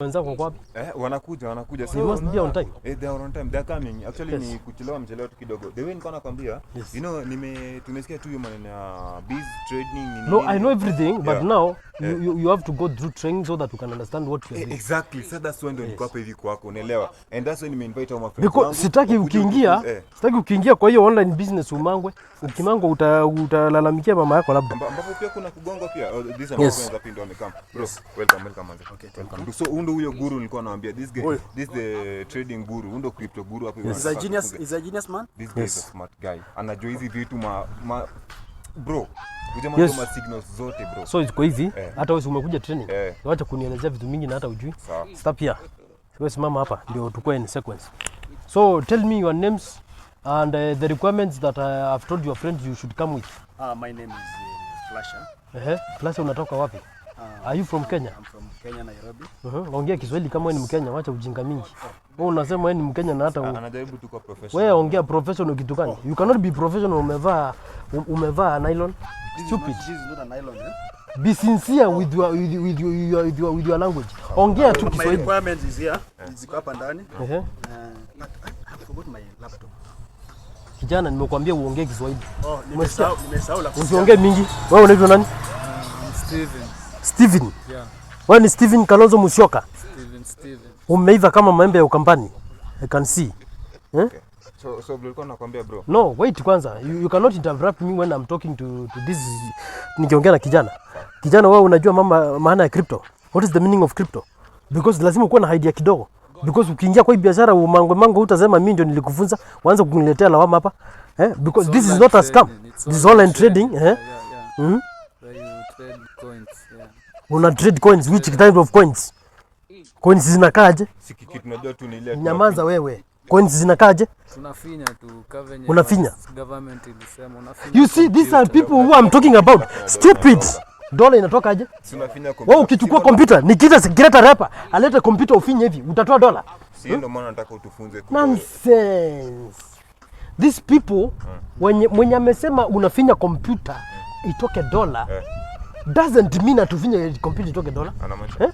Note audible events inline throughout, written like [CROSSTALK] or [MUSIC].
Wenzako wako wapi? Eh, wanakuja wanakuja. Si must be on time. Eh, they are on time. They are coming. Actually yes. Ni kuchelewa mchelewa tu kidogo. The way niko nakwambia, yes. You know, nime tumesikia tu hiyo maneno ya biz trading. No, I know everything, yeah. But now yeah. you, you have to go through training so that you can understand what you are eh, doing. Exactly. So that's when ndio niko hapa hivi kwako, unaelewa? And that's when nimeinvite all my friends. Because sitaki ukiingia, eh. Sitaki ukiingia kwa hiyo online business umangwe. Ukimangwa utalalamikia mama yako labda. Ambapo pia kuna kugongwa pia. Oh, these are yes. my friends up wamekam. Bro, welcome, welcome. Okay, welcome. So undo huyo guru nilikuwa naambia this guy, this the trading guru, undo crypto guru hapo. a genius, a genius man. This guy is a smart guy. Anajua hizi vitu ma, ma bro Yes. zote bro. So iko hivi eh. Hata wewe umekuja training yeah. Wacha kunielezea vitu mingi na hata ujui. Stop here. Wewe simama hapa ndio tukoe in sequence. So tell me your names and uh, the requirements that uh, I have told your friends you should come with. uh, my name is uh, Flasha. Eh, Flasha unatoka wapi? Uh, Are you from Kenya? I'm from Kenya, Nairobi. Uh -huh. Ongea Kiswahili kama wewe ni Mkenya, wacha ujinga mingi. Wewe unasema wewe ni Mkenya na hata anajaribu tu kwa professional. Wewe ongea professional kitu gani? Oh. You cannot be professional umevaa um, umevaa nylon. Stupid. Be sincere with your, with, your, with, your, with, your, with your language. Oh, Ongea tu Kiswahili. My requirement is here. It's eh. Ziko hapa ndani. Eh. my laptop. Kijana, nimekuambia uongee Kiswahili. Oh, nimesahau nimesahau la. Usiongee mingi. Wewe unaitwa nani? Um, Steven. Steven. Yeah. Wewe ni Steven Kalonzo Musyoka. Steven, Steven. Umeiva kama maembe ya Ukambani. I can see. Eh? Okay. So, so ulikuwa bro? No, wait kwanza. You, you cannot interrupt me when I'm talking to, to this nikiongea na kijana. Kijana wewe unajua mama maana ya crypto. What is the meaning of crypto? Because lazima ukuwe na idea kidogo. Because ukiingia kwa biashara umango mango utasema mimi ndio nilikufunza, waanze kuniletea lawama hapa. Eh? Because so this is not a scam. This is online trading, trading. Yeah, eh? Yeah, yeah. Mm? Trade coins, yeah. Una trade coins, which type of coins? Coins zinakaje? tu zinakaaje? Nyamaza wewe coins zinakaje? Unafinya tu kavenye unafinya. Government ilisema unafinya. You see these are people who I'm talking about stupid. Dola inatokaje? Sinafinya kompyuta. Wewe ukichukua kompyuta, nikita sikireta rapa, alete kompyuta ufinye hivi, utatoa dola. Si ndio maana nataka utufunze. Nonsense. These people hmm. wenye mwenye amesema unafinya kompyuta itoke dola eh. doesn't mean atufinye kompyuta itoke dola. Anamaanisha. Eh?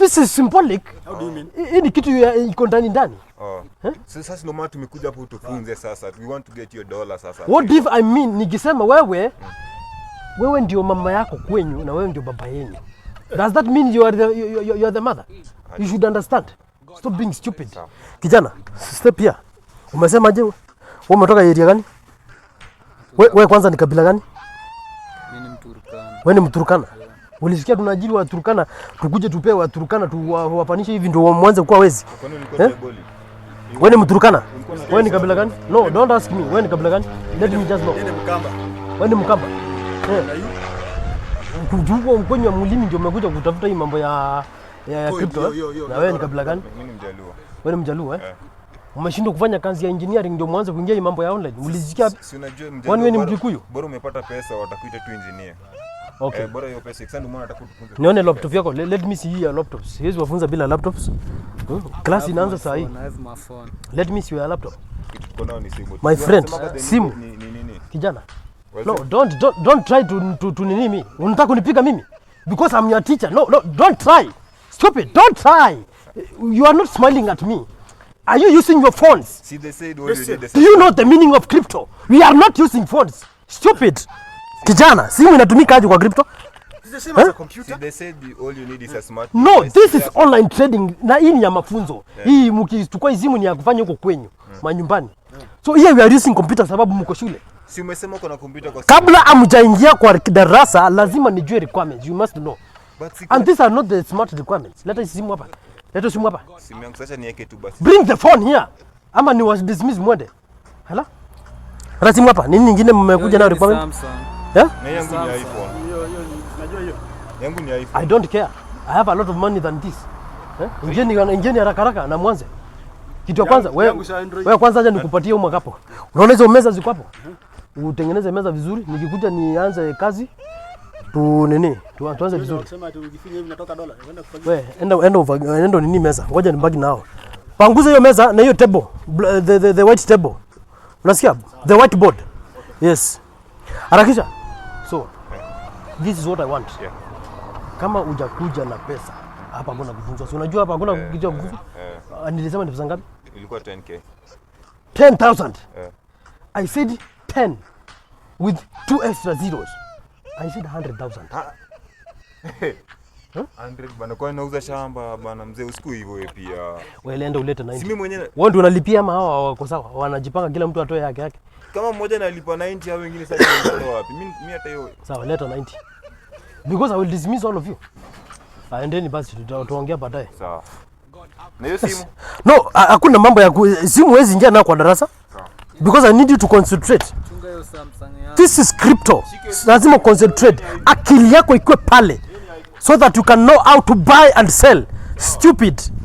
This is symbolic. How do you mean? Hii ni kitu iko ndani ndani. Oh. Huh? Sasa ndio maana tumekuja hapo tufunze sasa. We want to get your dollar sasa. What if I mean nikisema wewe Wewe ndio mama yako kwenyu na wewe ndio baba yenu. Does that mean you are the you, you, you are the mother? You should understand. Stop being stupid. Kijana, step here. Umesema je? Wewe umetoka area gani? Wewe kwanza ni kabila gani? Mimi ni Mturkana. Wewe ni Mturkana? Ulisikia tunajiri wa Turkana, tukuje tupewe wa Turkana tuwapanishe hivi ndio mwanze kuwa wezi. Eh? Wewe ni Mturkana? Wewe ni kabila gani? No, don't ask me. Wewe ni kabila gani? Let me just know. Wewe ni Mkamba? Wewe ni Kujuko eh. mkwenye wa mulimi ndio umekuja kutafuta hii mambo ya ya ya crypto. Eh? Na wewe ni kabila gani? Mimi ni Mjaluo. Wewe ni Mjaluo eh? Umeshindwa kufanya kazi ya engineering ndio mwanze kuingia hii mambo ya online. Ulisikia? Si unajua Mjaluo. Wewe ni Mjikuyu. Bora umepata pesa watakuita tu engineer. Okay. Eh, bora hiyo pesa ndio maana nataka Nione laptop yako. Let me see your laptops. Siwezi bila laptops. Hmm? Class inaanza saa hii. Let me see your laptop. Kitu nao ni simu. My friend, simu. Ni nini? Kijana. No, don't don't don't try to to, to nini mimi. Unataka kunipiga mimi? Because I'm your teacher. No, no, don't try. Stupid. Don't try. You are not smiling at me. Are you using your phones? See, they said what you Do you know the meaning of crypto? We are not using phones. Stupid. Kijana, simu inatumika aje kwa crypto? Eh? No, this is online trading na hii ni ya mafunzo. Hii mkichukua hii simu ni ya kufanya huko kwenyu manyumbani. So here we are using computer sababu mko shule. Si umesema uko na computer kwa sababu. Kabla amjaingia kwa darasa lazima nijue requirements. You must know. And these are not the smart requirements. Leta simu hapa. Leta simu hapa. Simu yangu sasa niweke tu basi. Bring the phone here. Ama ni was dismiss mwende. Hala? Rasimu hapa. Nini nyingine mmekuja nayo requirements? I don't care. I have a lot of money than this. Eh? Ingieni haraka haraka na mwanze. Kitu ya kwanza wewe kwanza aje nikupatie umwaka hapo. Unaona hizo meza ziko hapo? Utengeneze meza vizuri, nikikuja nianze kazi tu nini? Tuanze vizuri. Wewe enda enda enda nini meza? Ngoja nibaki nao. Panguza hiyo meza na hiyo table, the, the, the white table. Unasikia? The white board. Yes. Harakisha. So this is what I want. Yeah. Kama ujakuja na pesa hapa, mbona kuvunjwa? Si unajua hapa hakuna eh, kujua eh, kuvunjwa. Eh. Ah, Nilisema ni pesa ngapi? Ilikuwa 10k. 10000. Yeah. I said 10 with two extra zeros. I said 100000. [LAUGHS] bana kwa nauza shamba bana, mzee usiku hivyo wewe pia. Wewe nenda ulete 90. Si mimi mwenyewe. Wewe ndio unalipia ama wako sawa? Wanajipanga kila mtu atoe yake yake. Kama mmoja analipa 90 au wengine sasa [COUGHS] wanatoa wapi? Mimi mimi hata hiyo. Sawa, leta 90. Because I will dismiss all of you. Aendeni basi tutaongea baadaye. Sawa. Na hiyo simu? [LAUGHS] No, hakuna mambo ya simu wezi ingia nayo kwa darasa. Because I need you to concentrate. Chunga hiyo Samsung yako. This is crypto. Lazima concentrate. Akili yako ikuwe pale so that you can know how to buy and sell. Stupid.